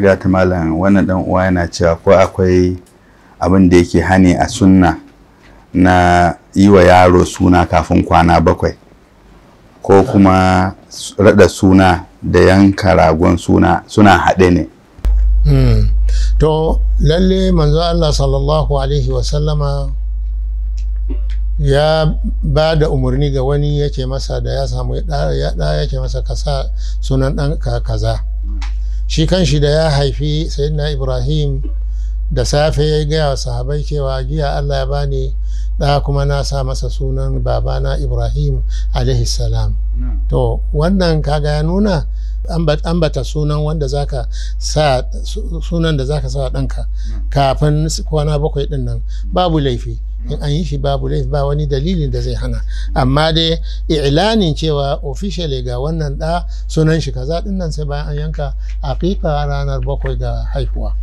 ta malam wannan dan uwa yana cewa ko akwai abin da yake hani a sunna na yi wa yaro suna kafin kwana bakwai ko kuma rada suna da yanka ragon suna suna haɗe ne hmm. to lalle manzo Allah sallallahu alaihi wasallama ya ba da umarni ga wani yake masa da ya samu ya ɗaya yake masa kasa sunan ɗan kaza shi kan shi da ya haifi sayyidina ibrahim da safe ya gaya wa sahabai cewa giya allah ya bani da kuma na sa masa sunan babana ibrahim alaihi salam to wannan kaga ya nuna ambata sunan wanda zaka sa sunan da zaka sa ɗanka kafin kwana bakwai ɗin nan babu laifi in an yi shi babu laifi ba wani dalilin da zai hana amma dai ilanin cewa officially ga wannan da sunan shi kaza din nan sai bayan an yanka aqiqa ranar bakwai ga haihuwa